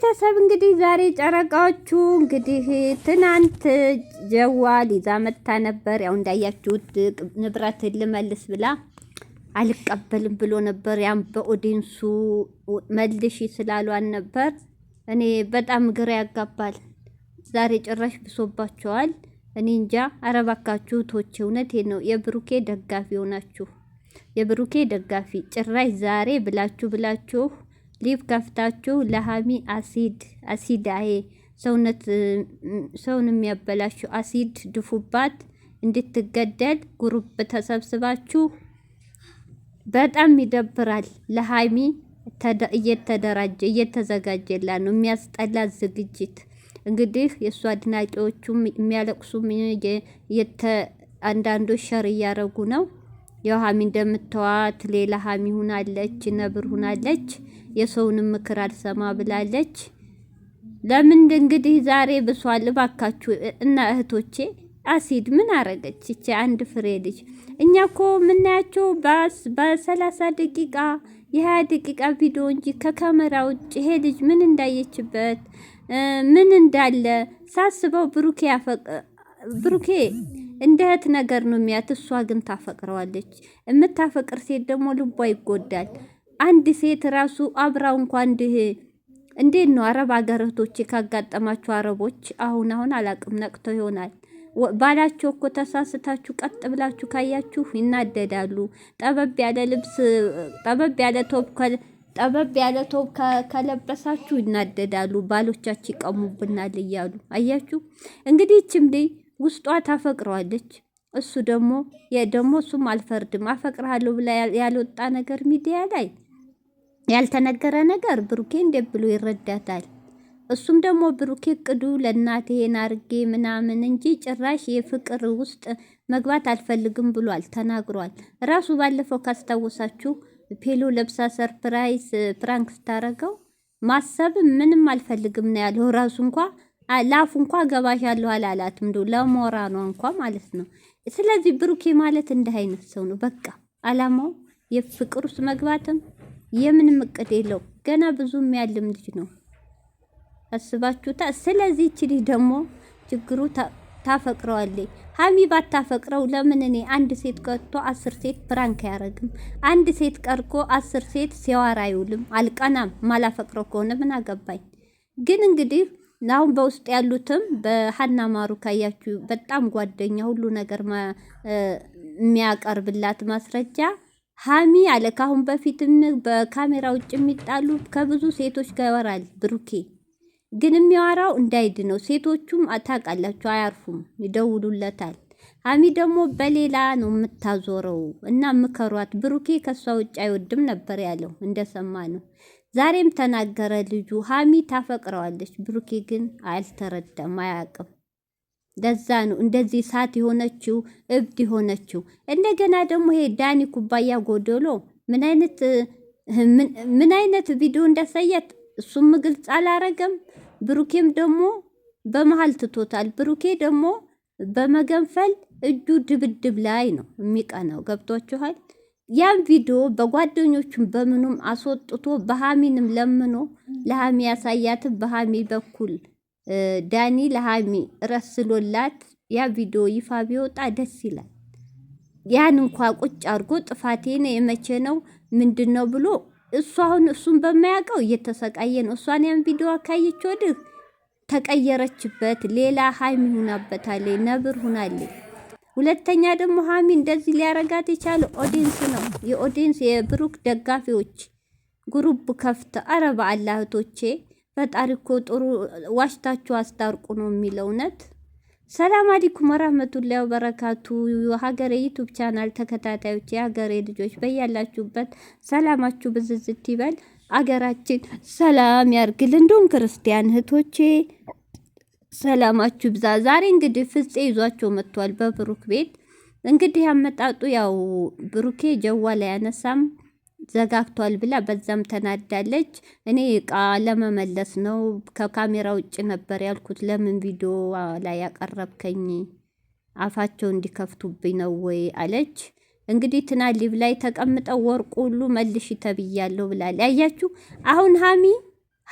ቤተሰብ እንግዲህ ዛሬ ጨረቃዎቹ እንግዲህ ትናንት ጀዋ ሊዛ መታ ነበር። ያው እንዳያችሁት ንብረትን ልመልስ ብላ አልቀበልም ብሎ ነበር። ያም በኦዲንሱ መልሽ ስላሏን ነበር። እኔ በጣም ግራ ያጋባል። ዛሬ ጭራሽ ብሶባቸዋል። እኔ እንጃ። ኧረ እባካችሁ ቶቼ፣ እውነቴ ነው የብሩኬ ደጋፊ ሆናችሁ የብሩኬ ደጋፊ ጭራሽ ዛሬ ብላችሁ ብላችሁ ሊቭ ከፍታችሁ ለሃሚ አሲድ አሲዳዬ ሰውነት ሰውን የሚያበላሹ አሲድ ድፉባት እንድትገደል ጉሩብ ተሰብስባችሁ በጣም ይደብራል። ለሃሚ እየተደራጀ እየተዘጋጀላ ነው የሚያስጠላ ዝግጅት። እንግዲህ የእሱ አድናቂዎቹም የሚያለቅሱም አንዳንዶች ሸር እያረጉ ነው። ያው ሀሚ እንደምታዋት ሌላ ሀሚ ሁናለች፣ ነብር ሁናለች፣ የሰውንም ምክር አልሰማ ብላለች። ለምን እንግዲህ ዛሬ ብሷል። እባካችሁ እና እህቶቼ አሲድ ምን አረገች ይቺ አንድ ፍሬ ልጅ? እኛ ኮ የምናያቸው በሰላሳ ደቂቃ የሀያ ደቂቃ ቪዲዮ እንጂ ከካሜራ ውጭ ይሄ ልጅ ምን እንዳየችበት ምን እንዳለ ሳስበው ብሩኬ ብሩኬ እንደ እህት ነገር ነው የሚያት። እሷ ግን ታፈቅረዋለች። የምታፈቅር ሴት ደግሞ ልቧ ይጎዳል። አንድ ሴት ራሱ አብራው እንኳ እንድህ እንዴት ነው አረብ አገር ካጋጠማቸው ካጋጠማችሁ፣ አረቦች አሁን አሁን አላቅም ነቅተው ይሆናል ባላቸው እኮ ተሳስታችሁ ቀጥ ብላችሁ ካያችሁ ይናደዳሉ። ጠበብ ያለ ልብስ ጠበብ ያለ ቶብ ጠበብ ያለ ቶብ ከለበሳችሁ ይናደዳሉ። ባሎቻችሁ ይቀሙብናል እያሉ አያችሁ እንግዲህ ይችም ውስጧ ታፈቅረዋለች። እሱ ደግሞ ደግሞ እሱም አልፈርድም አፈቅርሃለሁ ብላ ያልወጣ ነገር ሚዲያ ላይ ያልተነገረ ነገር ብሩኬ እንዴት ብሎ ይረዳታል? እሱም ደግሞ ብሩኬ ቅዱ ለእናቴ ናርጌ ምናምን እንጂ ጭራሽ የፍቅር ውስጥ መግባት አልፈልግም ብሏል ተናግሯል። ራሱ ባለፈው ካስታወሳችሁ ፔሎ ለብሳ ሰርፕራይዝ ፕራንክ ስታረገው ማሰብ ምንም አልፈልግም ነው ያለው ራሱ እንኳ ላፉ እንኳ ያለው አላላትም። እንዶ ለሞራኗ እንኳ ማለት ነው። ስለዚህ ብሩኬ ማለት እንደ አይነት ሰው ነው። በቃ አላማው የፍቅር ውስጥ መግባትም የምንም እቅድ የለው። ገና ብዙ የሚያልም ልጅ ነው። አስባችሁታ። ስለዚህ እቺ ልጅ ደግሞ ችግሩ ታፈቅረዋለች። ሀሚ ባታፈቅረው ለምን እኔ አንድ ሴት ቀርቶ አስር ሴት ፕራንክ አያረግም? አንድ ሴት ቀርቆ አስር ሴት ሲያወራ አይውልም። አልቀናም። ማላፈቅረው ከሆነ ምን አገባኝ? ግን እንግዲህ አሁን በውስጥ ያሉትም በሀና ማሩ ካያችሁ በጣም ጓደኛ ሁሉ ነገር የሚያቀርብላት ማስረጃ ሀሚ አለ። ካሁን በፊትም በካሜራ ውጭ የሚጣሉ ከብዙ ሴቶች ጋር ይወራል ብሩኬ። ግን የሚያወራው እንዳይድ ነው። ሴቶቹም ታውቃላችሁ አያርፉም፣ ይደውሉለታል። ሀሚ ደግሞ በሌላ ነው የምታዞረው እና ምከሯት። ብሩኬ ከእሷ ውጭ አይወድም ነበር ያለው እንደሰማ ነው። ዛሬም ተናገረ ልጁ ሀሚ ታፈቅረዋለች። ብሩኬ ግን አልተረዳም፣ አያቅም። ለዛ ነው እንደዚህ እሳት የሆነችው እብድ የሆነችው። እንደገና ደግሞ ይሄ ዳኒ ኩባያ ጎደሎ ምን አይነት ቪዲዮ እንዳሳያት እሱም ግልጽ አላረገም። ብሩኬም ደግሞ በመሀል ትቶታል። ብሩኬ ደግሞ በመገንፈል እጁ ድብድብ ላይ ነው የሚቀነው። ገብቷችኋል? ያን ቪዲዮ በጓደኞቹም በምኑም አስወጥቶ በሃሚንም ለምኖ ለሃሚ ያሳያት በሃሚ በኩል ዳኒ ለሃሚ ረስሎላት ያ ቪዲዮ ይፋ ቢወጣ ደስ ይላል። ያን እንኳ ቁጭ አድርጎ ጥፋቴ ነው የመቼ ነው ምንድን ነው ብሎ እሱ አሁን እሱን በማያውቀው እየተሰቃየ ነው። እሷን ያን ቪዲዮ አካየች ወድህ ተቀየረችበት። ሌላ ሃይሚ ሁናበታለች፣ ነብር ሁናለች። ሁለተኛ ደግሞ ሀሚ እንደዚህ ሊያረጋት የቻለ ኦዲንስ ነው። የኦዲንስ የብሩክ ደጋፊዎች ጉሩብ ከፍተ አረ በአላህ እህቶቼ ፈጣሪ እኮ ጥሩ ዋሽታችሁ አስታርቁ ነው የሚለው እውነት። ሰላም አለይኩም ወራህመቱላሂ ወበረካቱ። የሀገሬ ዩቱብ ቻናል ተከታታዮች የሀገሬ ልጆች በያላችሁበት ሰላማችሁ ብዝዝት ይበል። አገራችን ሰላም ያርግል። እንዲሁም ክርስቲያን እህቶቼ ሰላማችሁ ብዛ። ዛሬ እንግዲህ ፍፄ ይዟቸው መጥቷል በብሩክ ቤት። እንግዲህ ያመጣጡ ያው ብሩኬ ጀዋ ላይ ያነሳም ዘጋግቷል ብላ በዛም ተናዳለች። እኔ እቃ ለመመለስ ነው ከካሜራ ውጭ ነበር ያልኩት። ለምን ቪዲዮ ላይ ያቀረብከኝ አፋቸው እንዲከፍቱብኝ ነው ወይ አለች። እንግዲህ ትናሊብ ላይ ተቀምጠው ወርቁ ሁሉ መልሽ ተብያለሁ ብላል። ያያችሁ አሁን ሀሚ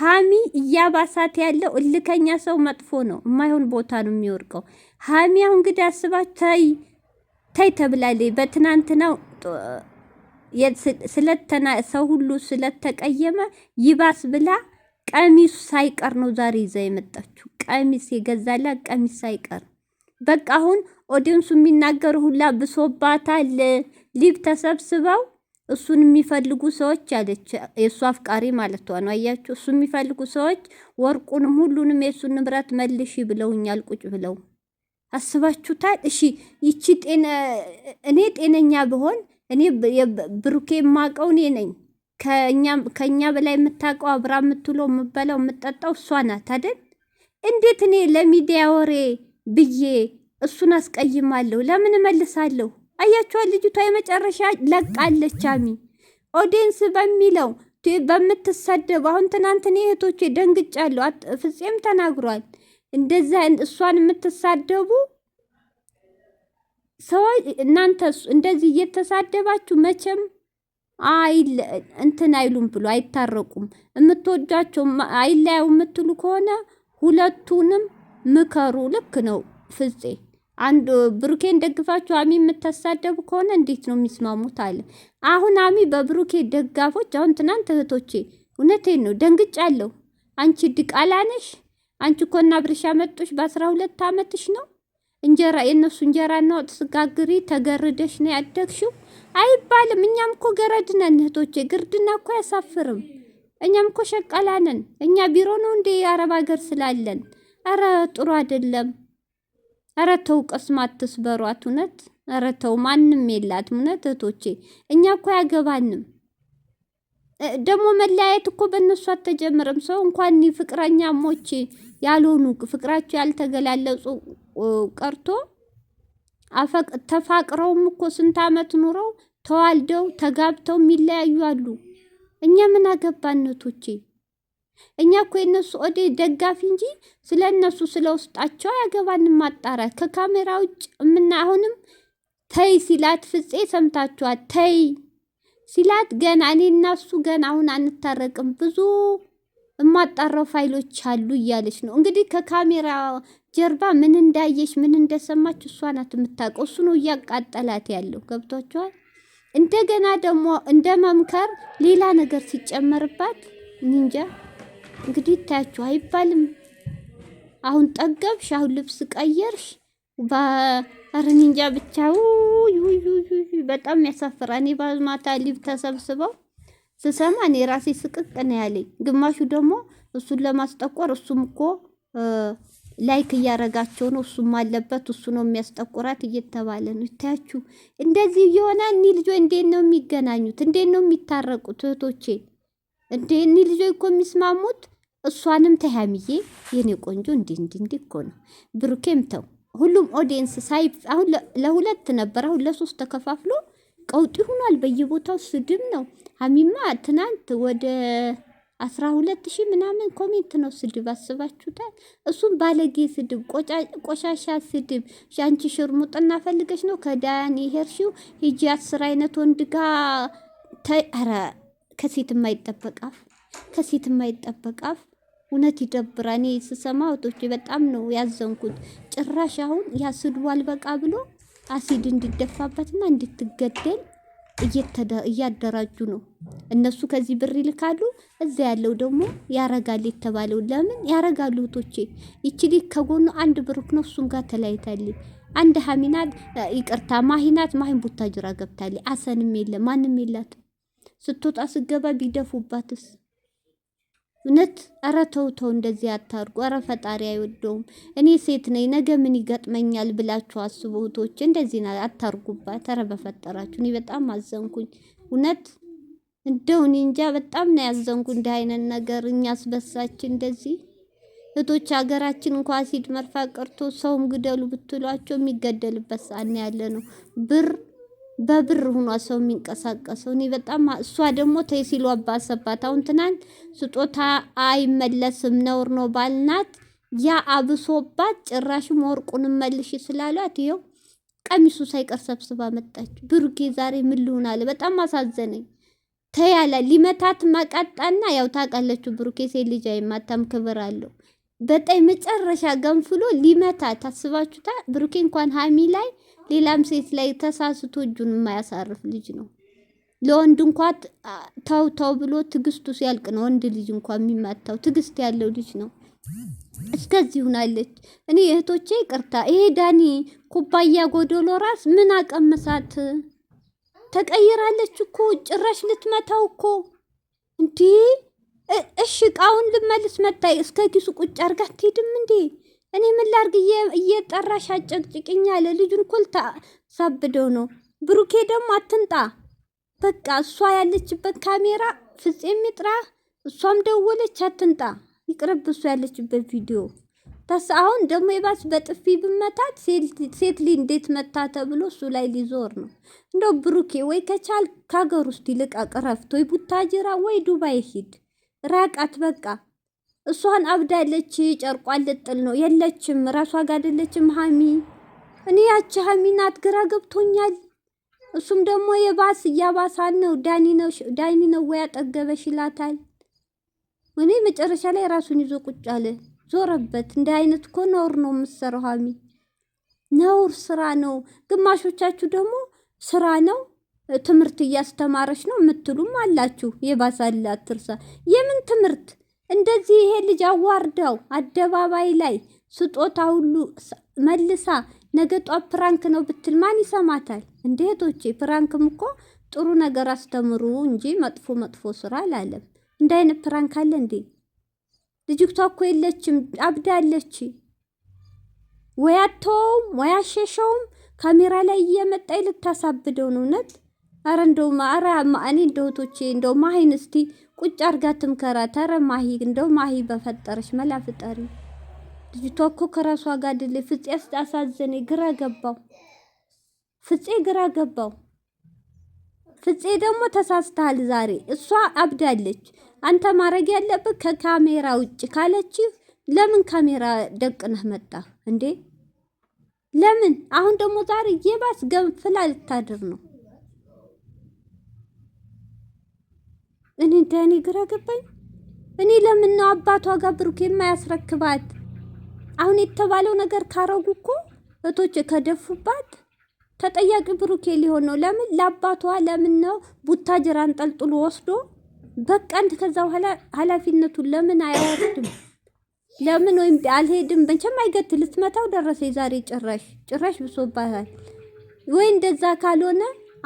ሀሚ እያባሳት ያለው እልከኛ ሰው መጥፎ ነው። የማይሆን ቦታ ነው የሚወርቀው። ሀሚ አሁን እንግዲህ አስባች ታይ ታይ ተብላለች። በትናንትናው ስለተና ሰው ሁሉ ስለተቀየመ ይባስ ብላ ቀሚሱ ሳይቀር ነው ዛሬ ይዛ የመጣችው። ቀሚስ የገዛላ ቀሚስ ሳይቀር በቃ አሁን ኦዲየንሱ የሚናገር ሁላ ብሶባታል። ሊብ ተሰብስበው እሱን የሚፈልጉ ሰዎች አለች፣ የእሱ አፍቃሪ ማለት ነው። አያችሁ፣ እሱ የሚፈልጉ ሰዎች ወርቁንም ሁሉንም የእሱን ንብረት መልሽ ብለውኛል፣ ቁጭ ብለው አስባችሁታል። እሺ ይቺ ጤነ እኔ ጤነኛ ብሆን እኔ ብሩኬ የማቀው እኔ ነኝ። ከእኛ በላይ የምታውቀው አብራ የምትውለው የምበላው የምጠጣው እሷ ናት አይደል? እንዴት እኔ ለሚዲያ ወሬ ብዬ እሱን አስቀይማለሁ? ለምን እመልሳለሁ? አያችኋል። ልጅቷ የመጨረሻ ለቃለች። አሚ ኦዲንስ በሚለው በምትሰደቡ አሁን ትናንት እኔ እህቶቼ ደንግጫለሁ። ፍፄም ተናግሯል እንደዛ እሷን የምትሳደቡ ሰዎች እናንተ እንደዚህ እየተሳደባችሁ መቼም አይል እንትን አይሉም ብሎ አይታረቁም። የምትወዷቸው አይለያው የምትሉ ከሆነ ሁለቱንም ምከሩ። ልክ ነው ፍጼ። አንድ ብሩኬን ደግፋችሁ አሚ የምታሳደቡ ከሆነ እንዴት ነው የሚስማሙት? አለ አሁን አሚ በብሩኬ ደጋፎች። አሁን ትናንት እህቶቼ እውነቴን ነው ደንግጫለሁ። አንቺ ድቃላ ነሽ። አንቺ ኮና ብርሻ መጡሽ በአስራ ሁለት አመትሽ ነው እንጀራ የእነሱ እንጀራ ነው ስጋግሪ ተገርደሽ ነው ያደግሽው አይባልም። እኛም እኮ ገረድነን እህቶቼ፣ ግርድና እኮ አያሳፍርም። እኛም እኮ ሸቀላነን። እኛ ቢሮ ነው እንዴ አረብ ሀገር ስላለን። አረ ጥሩ አይደለም። ኧረ ተው ቅስም አትስበሯት። እውነት ኧረ ተው ማንም የላትም። እውነት እህቶቼ እኛ እኮ አያገባንም። ደግሞ መለያየት እኮ በእነሱ አትጀምርም። ሰው እንኳን ፍቅረኛሞች ያልሆኑ ፍቅራቸው ያልተገላለጹ ቀርቶ ተፋቅረውም እኮ ስንት አመት ኑረው ተዋልደው ተጋብተው የሚለያዩ አሉ። እኛ ምን አገባን እኛ እኮ የነሱ ኦዴ ደጋፊ እንጂ ስለ እነሱ ስለ ውስጣቸው አያገባን። ማጣራት ከካሜራ ውጭ ምና አሁንም ተይ ሲላት ፍፄ ሰምታችኋል። ተይ ሲላት ገና እኔ እናሱ ገና አሁን አንታረቅም ብዙ የማጣራው ፋይሎች አሉ እያለች ነው እንግዲህ ከካሜራ ጀርባ ምን እንዳየች ምን እንደሰማች እሷ ናት የምታውቀው። እሱ ነው እያቃጠላት ያለው ገብቷቸዋል። እንደገና ደግሞ እንደ መምከር ሌላ ነገር ሲጨመርባት እንጃ እንግዲህ ይታያችሁ አይባልም። አሁን ጠገብሽ፣ አሁን ልብስ ቀየርሽ። ባረን እንጃ ብቻ በጣም ያሳፍራ። እኔ ባልማታ ሊብ ተሰብስበው ስሰማ እኔ ራሴ ስቅቅ ነው ያለኝ። ግማሹ ደግሞ እሱን ለማስጠቆር እሱም እኮ ላይክ እያረጋቸው ነው። እሱም አለበት እሱ ነው የሚያስጠቁራት እየተባለ ነው። ይታያችሁ እንደዚህ እየሆነ እኒ ልጆች እንዴት ነው የሚገናኙት? እንዴት ነው የሚታረቁት? እህቶቼ እንዴ እኒ ልጆች እኮ የሚስማሙት እሷንም ተያምዬ የኔ ቆንጆ እንዲ እንዲ እንዲ እኮ ነው ብሩኬም ተው ሁሉም ኦዲየንስ ሳይ አሁን ለሁለት ነበር፣ አሁን ለሶስት ተከፋፍሎ ቀውጢ ሆኗል። በየቦታው ስድብ ነው። ሀሚማ ትናንት ወደ አስራ ሁለት ሺህ ምናምን ኮሜንት ነው ስድብ፣ አስባችሁታል? እሱም ባለጌ ስድብ፣ ቆሻሻ ስድብ። ሻንቺ ሽርሙጥና ፈልገሽ ነው ከዳያን ሄርሺው ሂጂ አስር አይነት ወንድ ጋ ኧረ ከሴት የማይጠበቃፍ ከሴት የማይጠበቃፍ እውነት ይደብራ። እኔ ስሰማ እህቶቼ በጣም ነው ያዘንኩት። ጭራሽ አሁን ያስድቡ በቃ ብሎ አሲድ እንዲደፋበትና እንድትገደል እያደራጁ ነው እነሱ። ከዚህ ብር ይልካሉ፣ እዛ ያለው ደግሞ ያረጋል የተባለው ለምን ያረጋሉ? እህቶቼ ይችሊ ከጎኑ አንድ ብሩክ ነው፣ እሱም ጋር ተለያይታለች። አንድ ሀሚናት ይቅርታ ማሂናት ማሂን ቡታጅራ ገብታለች። አሰንም የለ ማንም የላትም። ስትወጣ ስገባ ቢደፉባትስ እውነት ኧረ ተው ተው፣ እንደዚህ አታርጉ። ኧረ ፈጣሪ አይወደውም። እኔ ሴት ነኝ፣ ነገ ምን ይገጥመኛል ብላችሁ አስቡ እህቶች። እንደዚህ አታርጉባት። ኧረ በፈጠራችሁ እኔ በጣም አዘንኩኝ። እውነት እንደው እኔ እንጃ በጣም ነው ያዘንኩ። እንዲህ አይነት ነገር እኛ አስበሳች እንደዚህ እህቶች ሀገራችን እንኳ አሲድ መርፋ ቀርቶ ሰውም ግደሉ ብትሏቸው የሚገደልበት ሰዓት ያለ ነው ብር በብር ሁኗ ሰው የሚንቀሳቀሰው። እኔ በጣም እሷ ደግሞ ተይ ሲሉ አባሰባት። አሁን ትናንት ስጦታ አይመለስም ነውር ነው ባልናት ያ አብሶባት ጭራሽም ወርቁን መልሽ ስላሏት ይኸው ቀሚሱ ሳይቀር ሰብስባ መጣች። ብሩኬ ዛሬ ምን ልሁን አለ። በጣም አሳዘነኝ። ተያለ ሊመታት ማቃጣና ያው ታውቃለች ብሩኬ ሴት ልጅ አይማታም፣ ክብር አለው። በጣም መጨረሻ ገንፍሎ ሊመታት አስባችሁታ። ብሩኬ እንኳን ሀሚ ላይ ሌላም ሴት ላይ ተሳስቶ እጁን የማያሳርፍ ልጅ ነው። ለወንድ እንኳ ተው ተው ብሎ ትግስቱ ሲያልቅ ነው ወንድ ልጅ እንኳ የሚማታው። ትግስት ያለው ልጅ ነው። እስከዚህ ሁናለች። እኔ እህቶቼ ይቅርታ፣ ይሄ ዳኒ ኩባያ ጎዶሎ ራስ ምን አቀመሳት? ተቀይራለች እኮ ጭራሽ ልትመታው እኮ እንዲህ። እሺ እቃውን ልመልስ መታይ እስከ ኪሱ ቁጭ አርጋ ትሄድም እንዴ? እኔ ምን ላርግ? እየጠራሽ አጨቅጭቅኛ አለ። ልጁን እኮ ልታሳብደው ነው። ብሩኬ ደግሞ አትንጣ። በቃ እሷ ያለችበት ካሜራ ፍፄም ይጥራ፣ እሷም ደወለች። አትንጣ፣ ይቅረብ እሷ ያለችበት ቪዲዮ ታስ አሁን ደግሞ የባስ በጥፊ ብመታት ሴት ሊ እንዴት መታ ተብሎ እሱ ላይ ሊዞር ነው። እንደው ብሩኬ ወይ ከቻል ከሀገር ውስጥ ይልቀቅ፣ ረፍት ወይ ቡታጅራ ወይ ዱባይ ሂድ። ራቃት በቃ። እሷን አብዳለች። ጨርቋን ልጥል ነው የለችም፣ ራሷ ጋር አይደለችም። ሀሚ እኔ ያቺ ሀሚ ናት፣ ግራ ገብቶኛል። እሱም ደግሞ የባስ እያባሳን ነው። ዳኒ ነው ወይ አጠገበሽ ይላታል። እኔ መጨረሻ ላይ ራሱን ይዞ ቁጭ አለ፣ ዞረበት። እንደ አይነት እኮ ነውር ነው የምትሰራው ሀሚ፣ ነውር ስራ ነው። ግማሾቻችሁ ደግሞ ስራ ነው ትምህርት እያስተማረች ነው የምትሉም አላችሁ። የባሳላት ትርሳ የምን ትምህርት እንደዚህ ይሄ ልጅ አዋርዳው አደባባይ ላይ ስጦታ ሁሉ መልሳ ነገ ጧት ፕራንክ ነው ብትል ማን ይሰማታል? እንደ እህቶቼ ፕራንክም እኮ ጥሩ ነገር አስተምሩ እንጂ መጥፎ መጥፎ ስራ አላለም። እንደ አይነት ፕራንክ አለ እንዴ? ልጅቷ እኮ የለችም አብዳለች። ወይ አተወውም ወይ አሸሸውም። ካሜራ ላይ እየመጣ ልታሳብደውን እውነት። አረ እንደው ማአኔ እንደ እህቶቼ እንደው ማሀይን እስቲ ቁጭ አርጋ ትምከራ። ተረ ማሂ እንደው ማሂ በፈጠረሽ መላፍጠሪ ፍጠሪ። ልጅቷ እኮ ከራሷ ጋር ድል ፍፄ ስታሳዘነ ግራ ገባው። ፍፄ ግራ ገባው። ፍፄ ደግሞ ተሳስተሃል ዛሬ። እሷ አብዳለች። አንተ ማድረግ ያለብህ ከካሜራ ውጭ ካለች ለምን ካሜራ ደቅነህ መጣ እንዴ? ለምን አሁን ደግሞ ዛሬ የባስ ገንፍላ ልታድር ነው? እኔ እኔ ግራ ገባኝ። እኔ ለምን ነው አባቷ ጋር ብሩክ የማያስረክባት? አሁን የተባለው ነገር ካረጉ እኮ እቶች ከደፉባት ተጠያቂ ብሩኬ ሊሆን ነው። ለምን ለአባቷ ለምን ነው ቡታጅራ ጠልጥሎ ወስዶ በቀንድ ከዛ በኋላ ኃላፊነቱን ለምን አያወርድም? ለምን ወይም አልሄድም መቼም አይገት ልትመታው ደረሰ። ዛሬ ጭራሽ ጭራሽ ብሶባታል ወይ እንደዛ ካልሆነ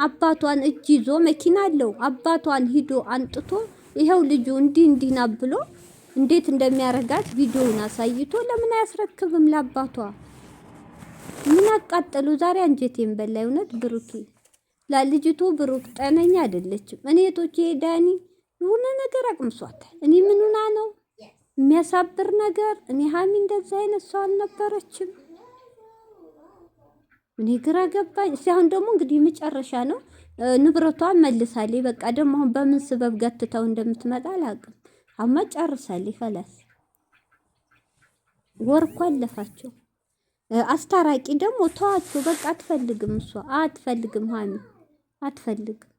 አባቷን እጅ ይዞ መኪና አለው። አባቷን ሂዶ አንጥቶ ይኸው ልጁ እንዲህ እንዲና ብሎ እንዴት እንደሚያረጋት ቪዲዮውን አሳይቶ ለምን አያስረክብም ለአባቷ? ምን አቃጠሉ ዛሬ አንጀቴን በላይ እውነት። ብሩኬ ለልጅቱ ብሩክ ጤነኛ አይደለችም። እኔ ቶቼ ዳኒ የሆነ ነገር አቅምሷታል። እኔ ምኑና ነው የሚያሳብር ነገር። እኔ ሀሚ እንደዛ አይነት ሰው አልነበረችም። እኔ ግራ ገባኝ። ሲያሁን አሁን ደግሞ እንግዲህ መጨረሻ ነው፣ ንብረቷን መልሳለች። በቃ ደግሞ አሁን በምን ስበብ ገትተው እንደምትመጣ አላውቅም። አማ ጨርሳለች። ፈላስ ወር እኮ አለፋቸው። አስታራቂ ደግሞ ተዋቸው። በቃ አትፈልግም፣ እሷ አትፈልግም፣ ሀሚ አትፈልግም።